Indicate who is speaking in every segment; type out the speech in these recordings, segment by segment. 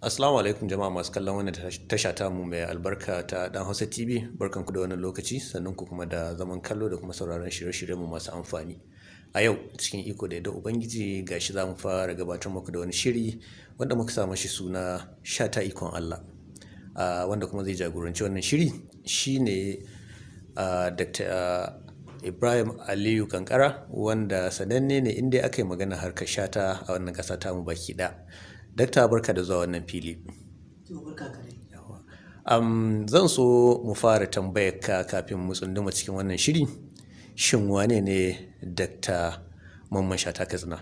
Speaker 1: Assalamu alaikum jama'a masu kallon wannan tasha ta mu mai albarka ta dan Hausa TV barkan ku da wani lokaci sannan ku kuma da zaman kallo da kuma sauraron shirye-shiryen mu masu amfani. A yau cikin iko da yadda Ubangiji gashi za mu fara gabatar muku da wani shiri wanda muka sa mashi suna sha ta ikon Allah. Uh, wanda kuma zai jagoranci wannan shiri shine uh, Dr. Ibrahim Aliyu Kankara wanda sananne ne inda aka yi magana harkar shata a wannan ƙasa tamu baki ɗaya. dakta barka da zuwa wannan fili um, zan so mu fara tambayar ka kafin mu tsunduma cikin wannan shiri shin wane ne dakta mamman shata katsina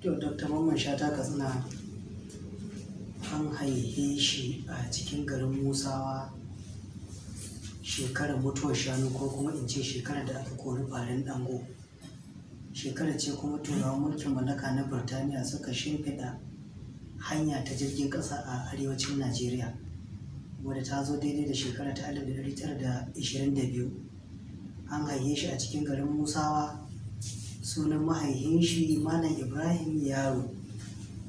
Speaker 2: to dakta mamman shata katsina an haihe shi a cikin garin musawa shekarar mutuwar shanu ko kuma in ce shekarar da aka kori farin dango shekarar ce kuma turawan mulkin mallaka na birtaniya suka shimfiɗa hanya ta jirgin ƙasa a arewacin najeriya wadda ta zo daidai da shekara ta 1922 an haife shi a cikin garin musawa sunan mahaihin shi malam ibrahim yaro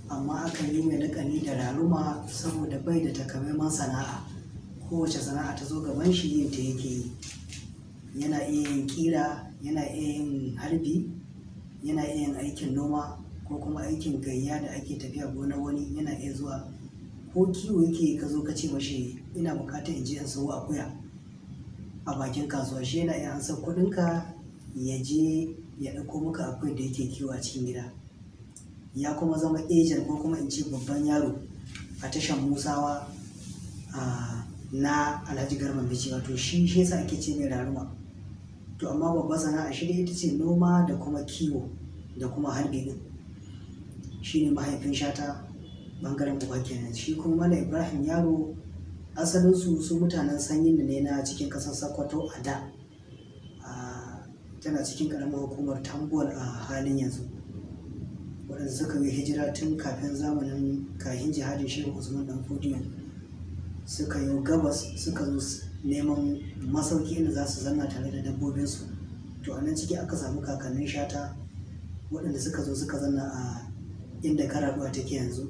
Speaker 2: amma akan yi mai lakani da raruma saboda bai da takamaiman sana'a kowace sana'a ta zo gaban shi yin ta yake yi yana iya yin kira yana iya yin harbi yana iya yin aikin noma ko kuma aikin gayya da ake tafiya gonar wani yana iya zuwa ko kiwo yake ka zo ka ce mashi ina bukatar in je in sayo akuya a bakin kasuwa shi yana iya ansa ka ya je ya ɗauko maka akuyar da yake kiwo a cikin gida ya kuma zama ejen ko kuma in ce babban yaro a tashan musawa na alhaji garman bici wato shi shi yasa ake ce mai raruma to amma babban sana'a shi ita ce noma da kuma kiwo da kuma harbi Shi ne mahaifin shata bangaren uba kenan shi kuma mala ibrahim yaro asalinsu su mutanen sanyin da ne na cikin kasar sokoto a da tana cikin karamar hukumar tambol a halin yanzu waɗanda suka yi hijira tun kafin zamanin kahin jihadin shehu usman dan fudiyo suka yi gabas suka zo neman masauki inda za su zanna tare da dabbobinsu to a nan ciki aka samu kakannin shata waɗanda suka zo suka zanna a inda karaduwa take yanzu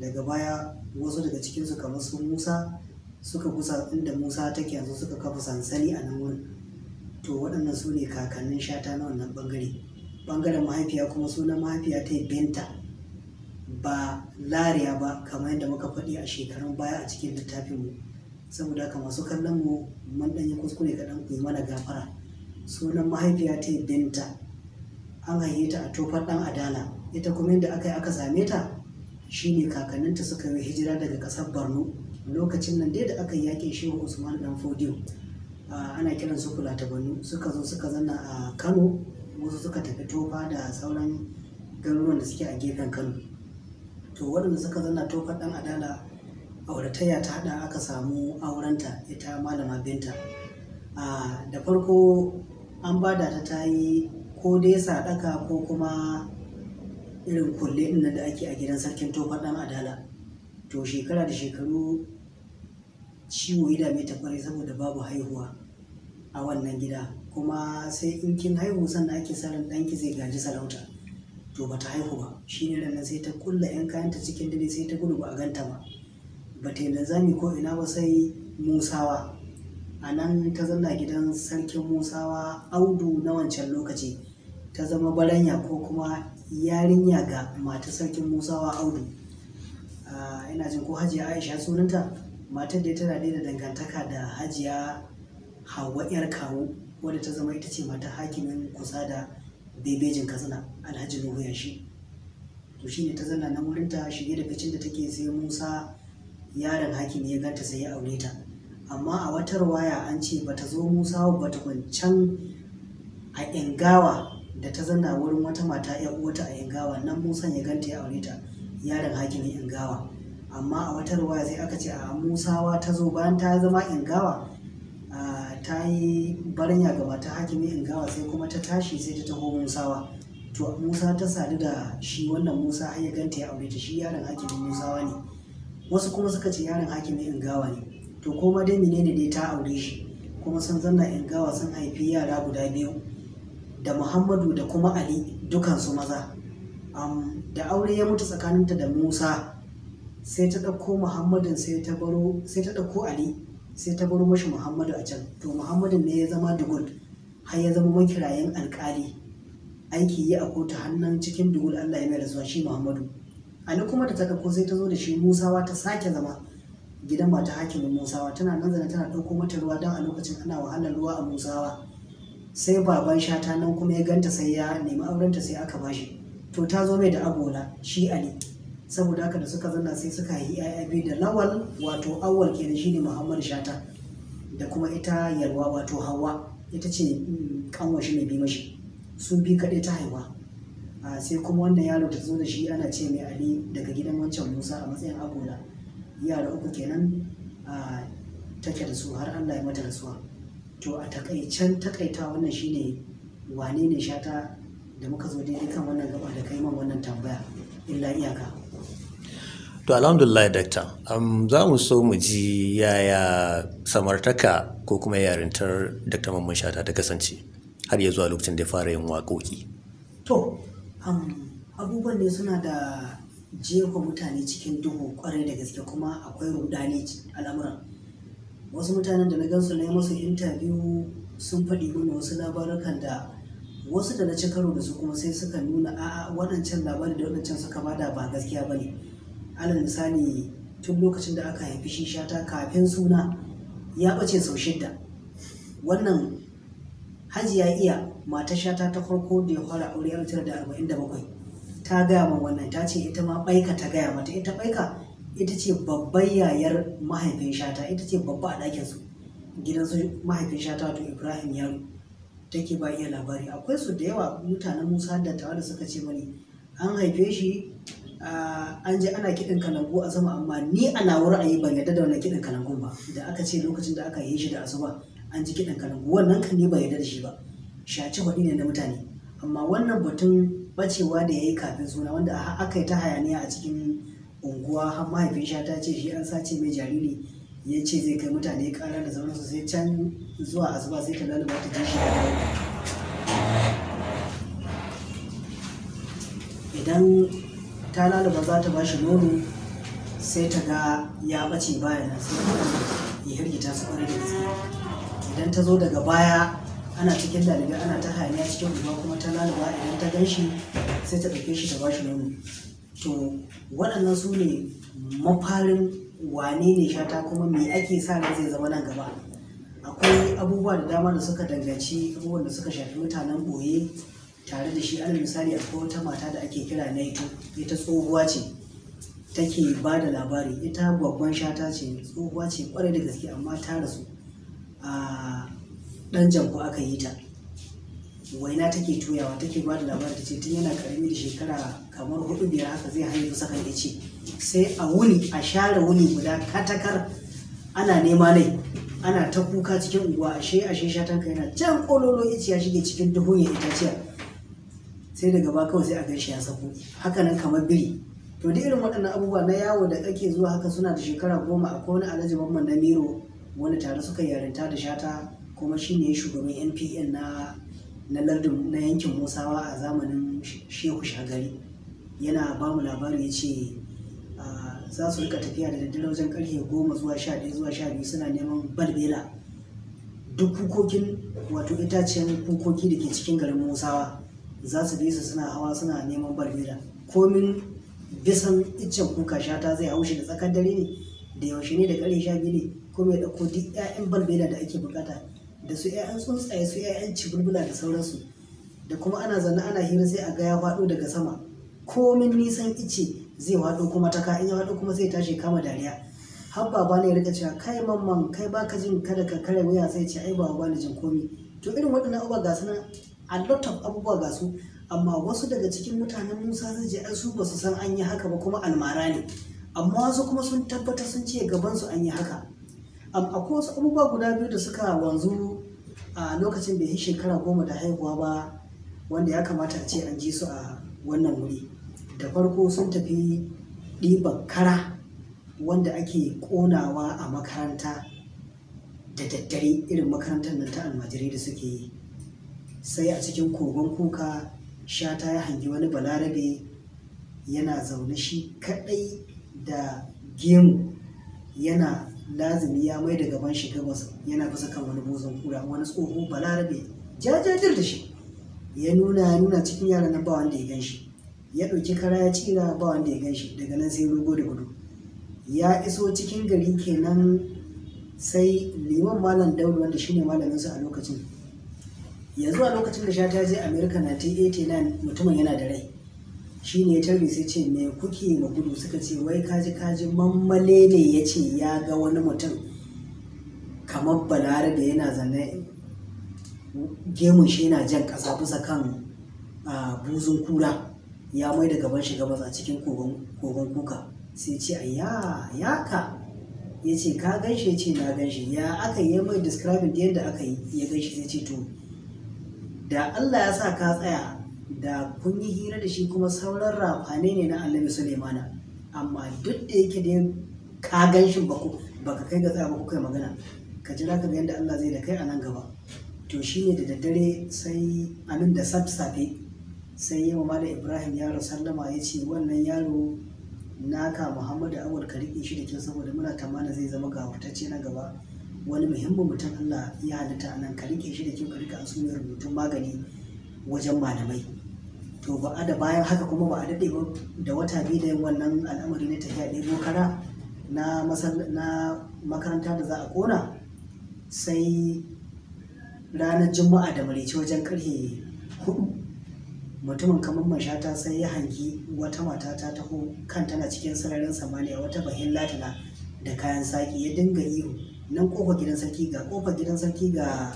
Speaker 2: daga baya wasu daga cikinsu kamar su musa suka kusa inda musa take yanzu suka kafa sansani a nan wurin to waɗannan su ne kakannin shata na wannan ɓangare ɓangaren mahaifiya kuma sunan mahaifiya ta binta ba lariya ba kamar yadda muka faɗi a shekarun baya a cikin littafin mu saboda haka masu kallon mu mun ɗan yi kuskure kaɗan ku yi mana gafara sunan mahaifiya ta binta an haife ta a tofar ɗan adala ita kuma inda aka yi aka same ta shine kakanninta suka yi hijira daga ƙasar borno lokacin nan dai da aka yi yaƙin wa usman dan fodiyo ana kiran su kula ta borno suka zo suka zanna a kano wasu suka tafi tofa da sauran garuruwan da suke a gefen kano to waɗanda suka zanna tofa ɗan adala auratayya ta haɗa aka samu aurenta ita malama binta da farko an bada ta ta yi ko dai sadaka ko kuma irin kulle ɗin da ake a gidan sarkin tofar ɗan adala to shekara da shekaru ciwo ya dame ta kwarai saboda babu haihuwa a wannan gida kuma sai in kin haihu sannan ake sarin danki ɗanki zai gaji sarauta to bata haihu ba shi ne nan sai ta kulla yan kayan ta cikin dare sai ta gudu ba a ganta ba ba ta yi zami ko ina ba sai musawa a nan ta zanna gidan sarkin musawa audu na wancan lokaci ta zama baranya ko kuma yarinya ga mata sarkin musawa audu ina jin ko hajiya aisha sunanta matar da ya tana da dangantaka da hajiya hawa yar kawo wadda ta zama ita ce mata hakimin kusa da bebejin katsina alhaji nuhu yashi to shine ta zanna na wurinta shige da ficin da take sai musa yaron hakimi ya ganta sai ya aure ta amma a watar waya an ce bata zo musa ba ta kwancan a ingawa da ta zanna wurin wata mata ya uwata a ingawa nan Musa ya ganta ya aure ta yaron hakimin ingawa. amma a wata ruwa sai aka ce a Musawa ta zo bayan ta zama ingawa? ta yi barinya ga mata hakimi ingawa sai kuma ta tashi sai ta taho Musawa to Musa ta sadu da shi wannan Musa har ya ganta ya aure ta shi yaron hakimin Musawa ne wasu kuma suka ce yaron hakimin ingawa ne to koma dai menene dai ta aure shi kuma sun zanna ingawa sun haifi yara guda biyu da muhammadu da kuma ali dukansu maza da aure ya mutu tsakaninta da musa sai ta ɗauko muhammadin sai ta ɗauko ali sai ta baro mashi muhammadu a can to muhammadin ne ya zama dugul har ya zama makirayin alkali aiki yi a kotu hannun cikin dugul allah ya mai zuwa shi muhammadu ali kuma da ta ɗauko sai ta zo da shi musawa ta sake zama gidan mata hakimin musawa tana nan zana tana ɗauko mata ruwa don a lokacin ana wahalar ruwa a musawa sai baban shata nan kuma ya ganta sai ya nemi aurenta sai aka bashi to ta zo mai da abola shi ali saboda haka da suka zanna sai suka yi yaya biyu da lawal wato awwal kenan shine muhammad shata da kuma ita yalwa wato hawa ita ce kanwa mm, shi mai bi mashi Sun bi kaɗai ta haihuwa sai kuma wannan yaro ta zo da shi ana ce mai ali daga gidan wancan musa a matsayin abola yara uku kenan take da su har allah ya mata rasuwa to a takaicen takaita wannan shine wane ne shata da muka zo daidai kan wannan gaba da kai man wannan tambaya illa iyaka
Speaker 1: to alhamdulillah doctor um, za mu so mu ji yaya samartaka ko kuma yarintar doctor mamman shata ta kasance har ya zuwa lokacin da fara yin waƙoƙi
Speaker 2: to um, abubuwan ne suna da jefa mutane cikin duhu kwarai da gaske kuma akwai rudani al'amuran wasu mutanen da na gansu na yi masu intabiyu sun faɗi mana wasu labarukan da wasu da na ci karo da su kuma sai suka nuna a waɗancan labari da waɗancan suka bada ba gaskiya ba ne alal misali tun lokacin da aka haifi shi shata kafin suna ya ɓace sau shidda wannan ya iya mata shata ta farko da ya fara aure a da arba'in da bakwai ta gaya ma wannan ta ce ita ma ɓaika ta gaya mata ita ɓaika ita ce babbar yayar mahaifin shata ita ce babba a ɗakinsu su mahaifin shata to ibrahim yaro take ba iya labari akwai su da yawa mutanen musa da tawa da suka ce mani an haife shi an je ana kiɗin kalangu a sama amma ni a nawar ayi ban yarda da wannan kiɗin kalangun ba da aka ce lokacin da aka yi shi da asuba an ji kiɗin kalangu wannan kan ne ba yarda da shi ba shaci hudu ne na mutane amma wannan batun bacewa da ya yi kafin suna wanda aka yi ta hayaniya a cikin unguwa har mahaifin sha ta ce shi an sace mai jariri ya ce zai kai mutane kara da su sai can zuwa asuba sai ta lalaba ta ji shi idan ta lalaba za ta bashi nono sai ta ga ya bace baya nan sai ya hirgita su kwarar da su idan ta zo daga baya ana cikin dalibai ana ta hayaniya cikin ruwa kuma ta lalaba idan ta gan shi sai ta ɗauke shi ta bashi nono to waɗannan su ne mafarin wane ne shata kuma me ake sa ran zai zama nan gaba akwai abubuwa da dama da suka danganci abubuwan da suka shafi mutanen ɓoye tare da shi alal misali akwai wata mata da ake kira na ita tsohuwa ce take ba da labari ita babban shata ce tsohuwa ce kwarai da gaske amma ta rasu a ɗan jamfa aka yi ta waina take tuyawa take ba da labari ta ce tun yana karami da shekara kamar hudu biyar haka zai haihu sakan ya ce sai a wuni a share wuni guda katakar ana nema nai ana ta kuka cikin unguwa ashe ashe shatan ka yana jan kololo ya shige cikin duhun ya itaciya sai daga ba kawai sai a shi ya sako haka nan kamar biri to duk irin waɗannan abubuwa na yawo da ake zuwa haka suna da shekara goma a wani alhaji mamman na miro wani tare suka yarinta da shata kuma shine shugaban npn na na na yankin musawa a zamanin shehu shagari yana ba mu labari ya ce ah, za su rika tafiya da daddare wajen karfe goma zuwa sha ɗaya zuwa sha biyu suna neman balbela duk kukokin wato itacen kukoki da ke cikin garin musawa za su bi su suna hawa suna neman balbela komin bisan iccen kuka shata zai haushi da tsakar dare ne da yaushe ne da ƙarfe sha biyu ne kuma ya ɗauko duk 'ya'yan balbela da ake bukata da su 'ya'yan tsuntsaye su 'ya'yan cibulbula da sauransu da kuma ana zanne ana hira sai a ga ya faɗo daga sama komin nisan ice zai waɗo kuma ta ka in ya wado kuma zai tashi kama dariya har baba ne ya rika cewa kai mamman kai baka jin kada ka kare wuya sai ce ai baba ne jin komi to irin waɗannan abubuwa ga su nan a lot of abubuwa ga su amma wasu daga cikin mutanen Musa zai je ai su ba su san an yi haka ba kuma almara ne amma wasu kuma sun tabbata sun ce gaban su an yi haka akwai wasu abubuwa guda biyu da suka wanzu a lokacin bai shekara goma da haihuwa ba wanda ya kamata a ce an ji su a wannan wuri da farko sun tafi ɗiban kara wanda ake ƙonawa a makaranta da daddare irin makarantar nan ta almajirai da suke yi sai a cikin kogon kuka shata ya hangi wani balarabe yana zaune shi kaɗai da gemu yana lazimi ya mai da gaban shi gabas yana kusa kan wani buzon kura wani tsoho balarabe jajajir da shi ya nuna ya nuna cikin yaran nan ba wanda ya gan shi ya ɗauki kara ya cira ba wanda ya gan shi daga nan sai rugo da gudu ya iso cikin gari kenan sai liman malam daudu wanda shine malaminsa a lokacin yanzu a lokacin da shata je america na ta 89 mutumin yana da rai shi ne ya tarbe sai ce me kuke ma gudu suka ce wai kaji kaji mammale ne ya ce ya ga wani mutum kamar balare da yana zanne gemun shi yana jan ƙasa bisa kan ah, buzun kura ya mai da gaban shi gabas cikin kogon kuka sai ce ya ka? ya ce ka gan shi ya ce na gan shi ya aka yi mai describing yadda aka yi ya gan shi sai ce to da Allah ya sa ka tsaya da kun yi hira da shi kuma sauran rafane ne na annabi Sulemana. amma duk da yake da ka gan shi ba ka kai ga tsaya ba ku kai magana ka jira ka ga yadda Allah zai da kai a nan gaba to shi ne da daddare sai anan da safe sai yi wa ibrahim yaro sallama ya ce wannan yaro naka muhammadu awal ka riƙe shi da kyau saboda muna tamana zai zama gawurtacce na gaba wani muhimmin mutum allah ya halitta a nan ka riƙe shi da kyau ka riƙa asumiyar rubutun magani wajen malamai to ba a da bayan haka kuma ba a daɗe ba da wata biyu da yin wannan al'amari na tafiya ɗebo kara na makaranta da za a ƙona sai ranar juma'a da maraice wajen karfe hudu mutumin kamar mashata sai ya hangi wata mata ta taho kan tana cikin sararin samaniya wata bahin latina da kayan saki ya dinga ihu nan kofar gidan sarki ga kofar gidan sarki ga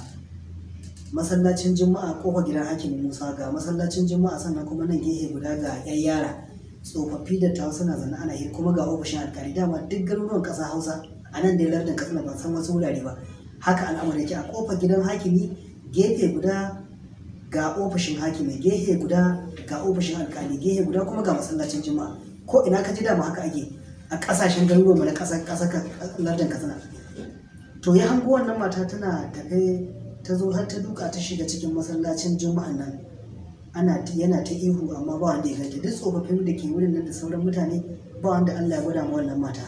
Speaker 2: masallacin juma'a kofar gidan hakim musa ga masallacin juma'a sannan kuma nan gehe guda ga yan yara tsofaffi da tawa suna zana ana hir kuma ga ofishin alkali dama duk garuruwan ƙasa hausa a nan dai lardin katsina ban san wasu wurare ba haka al'amari yake a kofar gidan hakimi gefe guda ga ofishin hakimi gehe guda ga ofishin alkali gehe guda kuma ga masallacin juma'a ko ina ka ji dama haka ake a kasashen garuruwa na kasa kasar lardin to ya hango wannan mata tana tafe ta zo har ta duka ta shiga cikin masallacin juma'an nan ana yana ta ihu amma ba wanda ya ganta duk tsofaffin da ke wurin nan da sauran mutane ba wanda Allah ya gwada ma wannan mata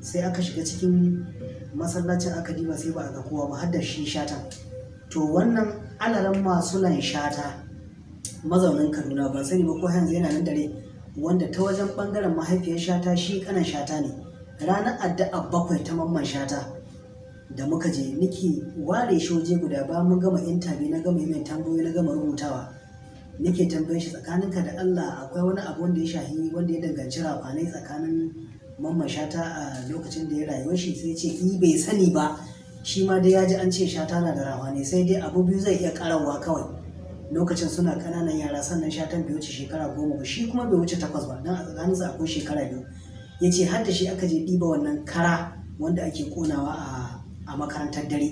Speaker 2: sai aka shiga cikin masallacin aka diba sai ba a ga kowa ba har da shi shatan to wannan alaran masu shata mazaunin kaduna ban sani ba ko yanzu yana nan dare wanda ta wajen bangaren mahaifiyar shata shi kanan shata ne ranar addu'a bakwai ta mamman shata da muka je niki ware shoje guda ba mun gama intabi na gama mai tambayoyi na gama rubutawa nake tambaye shi tsakaninka da Allah akwai wani abu wanda ya shahi wanda ya danganci rafanai tsakanin mamman shata a lokacin da ya rayuwar shi sai ce i eh, bai sani ba shi ma dai ya ji an ce shata na da rawa ne sai dai abu biyu zai iya karawa kawai lokacin suna kananan yara sannan shatan bai wuce shekara goma ba shi kuma bai wuce takwas ba don a tsakaninsa akwai shekara biyu ya ce har da shi aka je ɗiba wannan kara wanda ake konawa a makarantar dare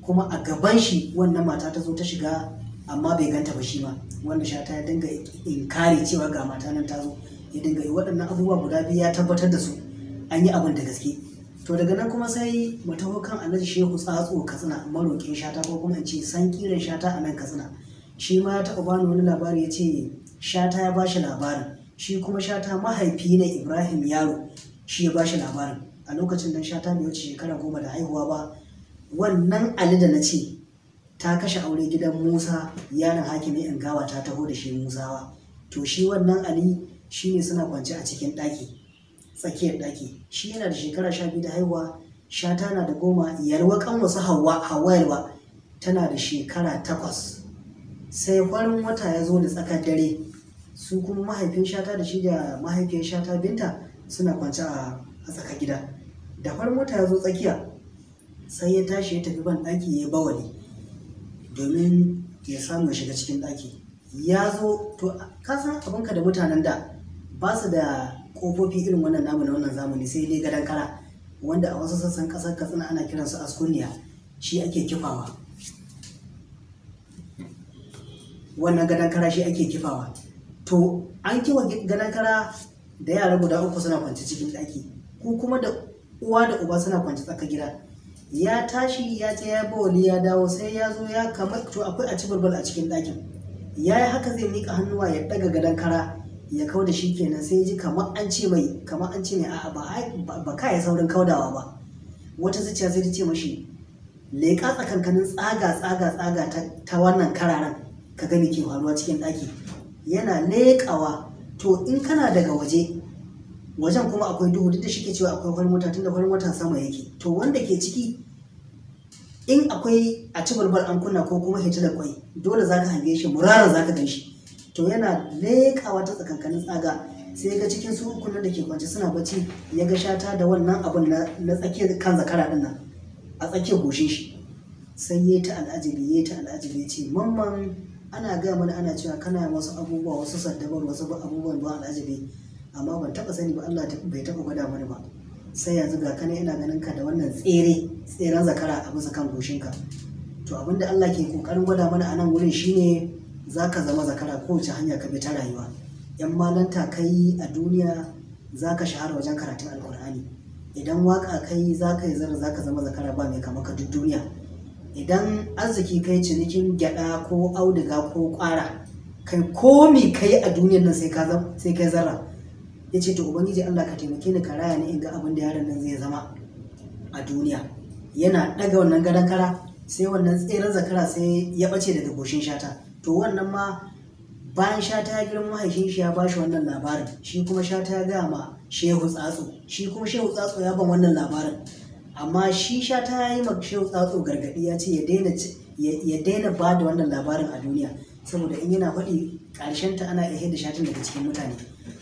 Speaker 2: kuma a gaban shi wannan mata ta zo ta shiga amma bai ganta ba shi ma wanda shata ya dinga inkari cewa ga mata nan ta zo ya dinga yi waɗannan abubuwa guda biyu ya tabbatar da su an yi abin da gaske to daga nan kuma sai mu taho kan alhaji shehu tsatso katsina marokin shata ko kuma in ce san kiran shata a nan katsina shi ma ya taɓa bani wani labari ya ce shata ya bashi labarin shi kuma shata mahaifi na ibrahim yaro shi ya bashi labarin a lokacin dan shata bai wuce shekara goma da haihuwa ba wannan ali da na ce ta kashe aure gidan musa yaron hakimin gawa ta taho da shi musawa to shi wannan ali shi ne suna kwance a cikin ɗaki tsakiyar daki. shi yana da shekara sha biyu da haihuwa sha tana da goma yalwa kan wasu hawa hawa tana da shekara takwas sai kwarin wata ya zo da tsakar dare su kuma mahaifin shata da shi da mahaifiyar shata binta suna kwance a tsakar gida da kwarin wata ya zo tsakiya sai ya tashi ya tafi ban ɗaki ya bawali domin ya samu ya shiga cikin ɗaki ya zo to kasan abinka da mutanen da ba su da kofofi irin wannan namu na wannan zamani sai dai gadan kara wanda a wasu sassan kasar katsina ana kiransu askuliya shi ake kifawa wannan gadan kara shi ake kifawa to an kiwa gadan kara da yara guda uku suna kwance cikin ɗaki ko kuma da uwa da uba suna kwance tsaka gida ya tashi ya ce ya bawali ya dawo sai ya zo ya kamar to akwai a ci a cikin ɗakin ya yi haka zai miƙa hannuwa ya ɗaga gadan kara ya kau da shi kenan sai ji kamar an ce mai kamar an ce mai a'a ba ba kai saurin kaudawa ba wata zuciya zai ta ce mashi leƙa tsakankanin tsaga tsaga tsaga ta wannan kararan ka gani ke faruwa cikin ɗaki yana leƙawa to in kana daga waje wajen kuma akwai duhu duk da shi ke cewa akwai farin mota tunda farin mota sama yake to wanda ke ciki in akwai a ci an kunna ko kuma hita da kwai dole zaka hange shi murara zaka gan shi to yana leƙawa ta tsakankanin tsaga sai ga cikin su kullum da ke kwance suna bacci ya ga shata da wannan abun na tsakiyar kan zakara din nan a tsakiyar goshin shi sai ya ta al'ajabi ya ta al'ajabi ya ce mamman ana gaya mana ana cewa kana wasu abubuwa wasu saddabar wasu abubuwan ba al'ajabi amma ban taba sani ba Allah bai taba gwada mana ba sai yanzu ga kana ina ganin ka da wannan tsere tseren zakara a bisa kan goshinka to abinda Allah ke kokarin gwada mana a nan wurin shine za ka zama zakara kowace hanya ka bi ta rayuwa yan ta kai a duniya za ka shahara wajen karatun alkur'ani idan waka kai za ka yi zara za ka zama zakara ba mai kama ka duk duniya idan arziki kai cinikin gyada ko auduga ko kwara kai komi kai a duniyan nan sai kai zarra ya ce to ubangiji allah ka taimake ni ka raya ni in ga abin da yaron nan zai zama a duniya yana ɗaga wannan gadon kara sai wannan tseren zakara sai ya ɓace daga goshin shata to wannan ma bayan shata ya girma mahaifin shi ya ba shi wannan labarin shi kuma shata ya gaya ma shehu tsatso shi kuma shehu tsatso ya ban wannan labarin amma shi shata ya yi ma shehu tsatso gargaɗi ya ce ya daina ba da wannan labarin a duniya saboda in yana faɗi ƙarshen ta ana iya da shatin daga cikin mutane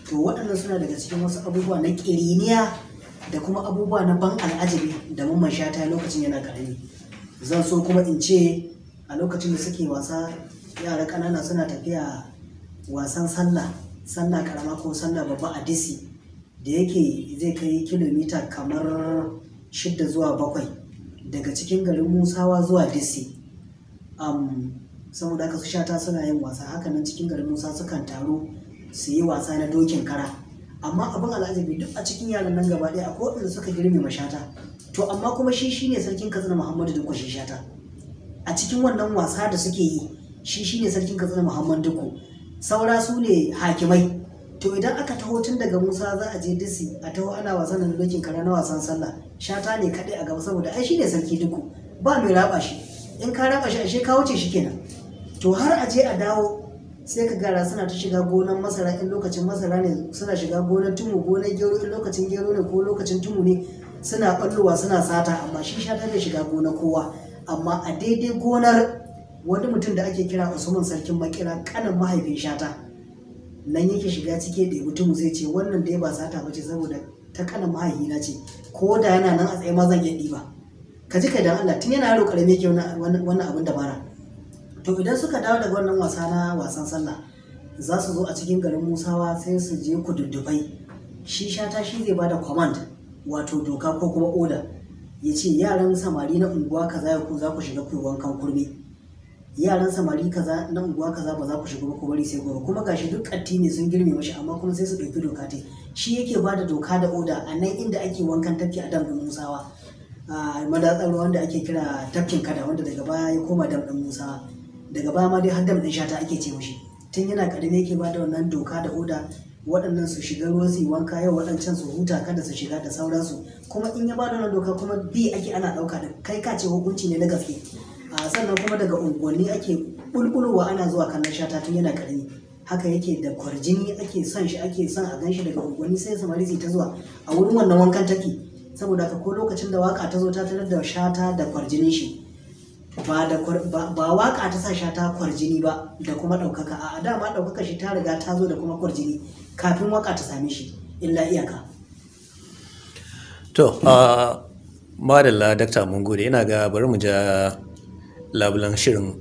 Speaker 2: to waɗannan suna daga cikin wasu abubuwa na ƙiriniya da kuma abubuwa na ban al'ajabi da mamman shata lokacin yana ƙarami zan so kuma in ce a lokacin da suke wasa yara kanana suna tafiya wasan sallah sallah karama ko sallah babba a disi da yake zai kai kilomita kamar shidda zuwa bakwai daga cikin garin musawa zuwa disi um, saboda haka su shata suna yin wasa haka nan cikin garin musa sukan taro su yi wasa na dokin kara amma abin al'ajabi duk a cikin yaran nan gaba ɗaya akwai waɗanda suka girme mashata to amma kuma shi shine sarkin katsina muhammadu duk shi shata a cikin wannan wasa da suke yi shi shi ne sarkin katsina muhammad duku saura su ne hakimai to idan aka taho tun daga musa za a je disi a taho ana wasan da dokin kara na wasan sallah shata ne kadai a gaba saboda ai shi ne sarki duku ba mai raba shi in ka raba shi ashe ka wuce shi kenan to har a je a dawo sai ka gara suna ta shiga gonan masara in lokacin masara ne suna shiga gonar tumu gonar gero in lokacin gero ne ko lokacin tumu ne suna ɓallowa suna sata amma shi shata bai shiga gonar kowa amma a daidai gonar wani mutum da ake kira usman sarkin makira kanan mahaifin shata nan yake shiga cike da mutum zai ce wannan dai ba sata ba ce saboda ta kanan mahaifina ce ko da yana nan a tsaye ma zan iya ba. ka ji kai dan Allah tun yana yaro karami yake wannan abin dabara to idan suka dawo daga wannan wasa na wasan sallah za su zo a cikin garin musawa sai su je dudubai shi shata shi zai bada command wato doka ko kuma oda ya ce yaran samari na unguwa kaza ya ku za ku shiga ku wankan kurmi yaran samari kaza na unguwa kaza ba za ku shiga ba bari sai gobe kuma gashi duk katti ne sun girme mashi amma kuma sai su ɗauki doka te shi yake ba da doka da oda a nan inda ake wankan tafki a damɗin musawa madatsar ruwa wanda ake kira tafkin kada wanda daga baya ya koma damɗin musawa daga baya ma dai har damɗin shata ake ce mashi tun yana ƙarami yake ba da wannan doka da oda waɗannan su shiga ruwa su wanka yau waɗancan su huta kada su shiga da sauransu kuma in ya ba da wannan doka kuma bi ake ana ɗauka da kai ka ce hukunci ne na gaske a ah, sannan kuma daga unguwanni ake bulbulowa ana zuwa kallon shata tun yana karni haka yake da kwarjini ake son shi ake son a ganshi daga unguwanni sai samari ta zuwa a wurin wannan wankan take saboda ka ko lokacin da waka ta zo ta tarar da shata da kwarjinin shi ba waka ta sa shata kwarjini ba da kuma ɗaukaka a dama ɗaukaka shi ta riga ta zo da kuma kwarjini kafin waka ta same shi illa iyaka
Speaker 1: to ah, madalla dakta mun ina ga bari mu ja labulan shirin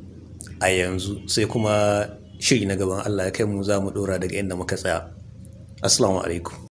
Speaker 1: a yanzu sai kuma shiri na gaban Allah ya kai mu za mu ɗora daga inda muka tsaya. Assalamu alaikum.